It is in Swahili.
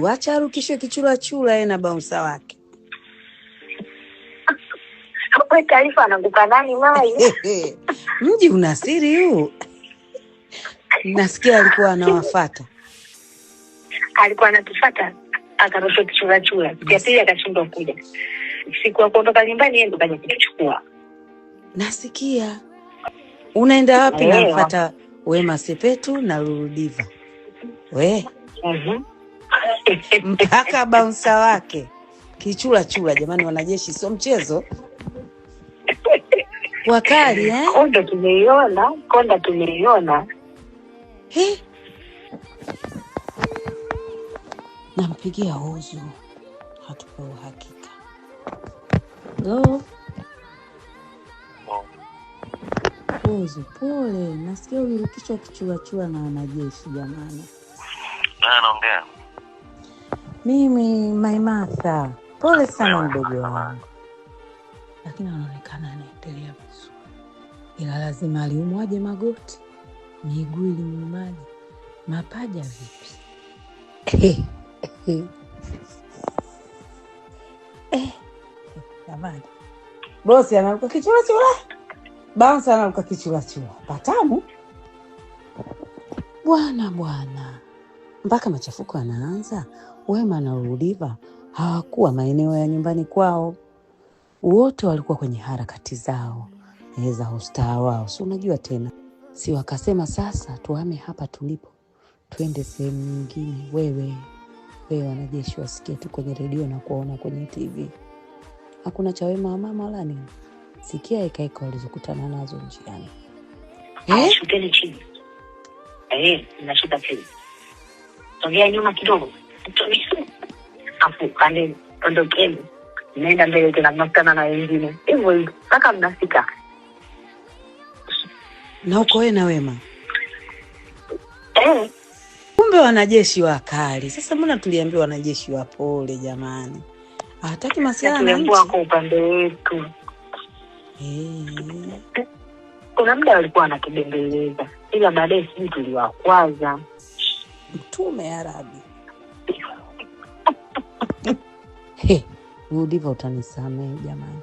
Wacha arukishe kichurachura yeye na bouncer wake. Kwa taarifa anaguka nani mai? Mji una siri huu. Nasikia alikuwa anawafuata. Alikuwa anatufuata akarusha kichurachura. Ya pili akashindwa kuja. Siku ya kuondoka nyumbani yeye ndo kaja kuchukua. Nasikia. Unaenda wapi na mfuata Wema Sepetu na Lulu Diva? We. Mhm. Mm mpaka baunsa wake kichula chula. Jamani, wanajeshi sio mchezo, wakali eh? Konda tumeiona, konda tumeiona Nampigia huzu hatupe uhakika go Ozu, pole, nasikia ulirukishwa kichulachula na wanajeshi jamani. Naongea mimi Maimartha, pole sana mdogo wangu, lakini anaonekana anaendelea vizuri, ila lazima aliumwaje magoti, miguu ilimuumaje, mapaja vipi? Eh, eh. Eh, jamani, bosi anaruka kichulachula, bansa anaruka kichulachula, patamu bwana bwana, mpaka machafuko anaanza. Wema na Rudiva hawakuwa maeneo ya nyumbani kwao, wote walikuwa kwenye harakati zao za ustaa wao, si unajua tena, si wakasema sasa tuame hapa tulipo, twende sehemu nyingine. Wewe wewe, wanajeshi wasikie tu kwenye redio na kuwaona kwenye TV, hakuna cha wema wa mama wala nini. Sikia ekaeka walizokutana nazo njiani eh? eh? sogea eh, nyuma kidogo utumishi afu kani ondokeni mbele tena mnakutana na wengine hivyo saka mna mnafika na uko na wema eh? Kumbe wanajeshi wa kali Sasa mbona tuliambiwa wanajeshi wa pole jamani, hawataki masiala kwa upande wetu eh. Kuna muda walikuwa wanatubembeleza, ila baadaye sijui tuliwakwaza. Mtume arabi Rudi hivyo, utanisamehe jamani.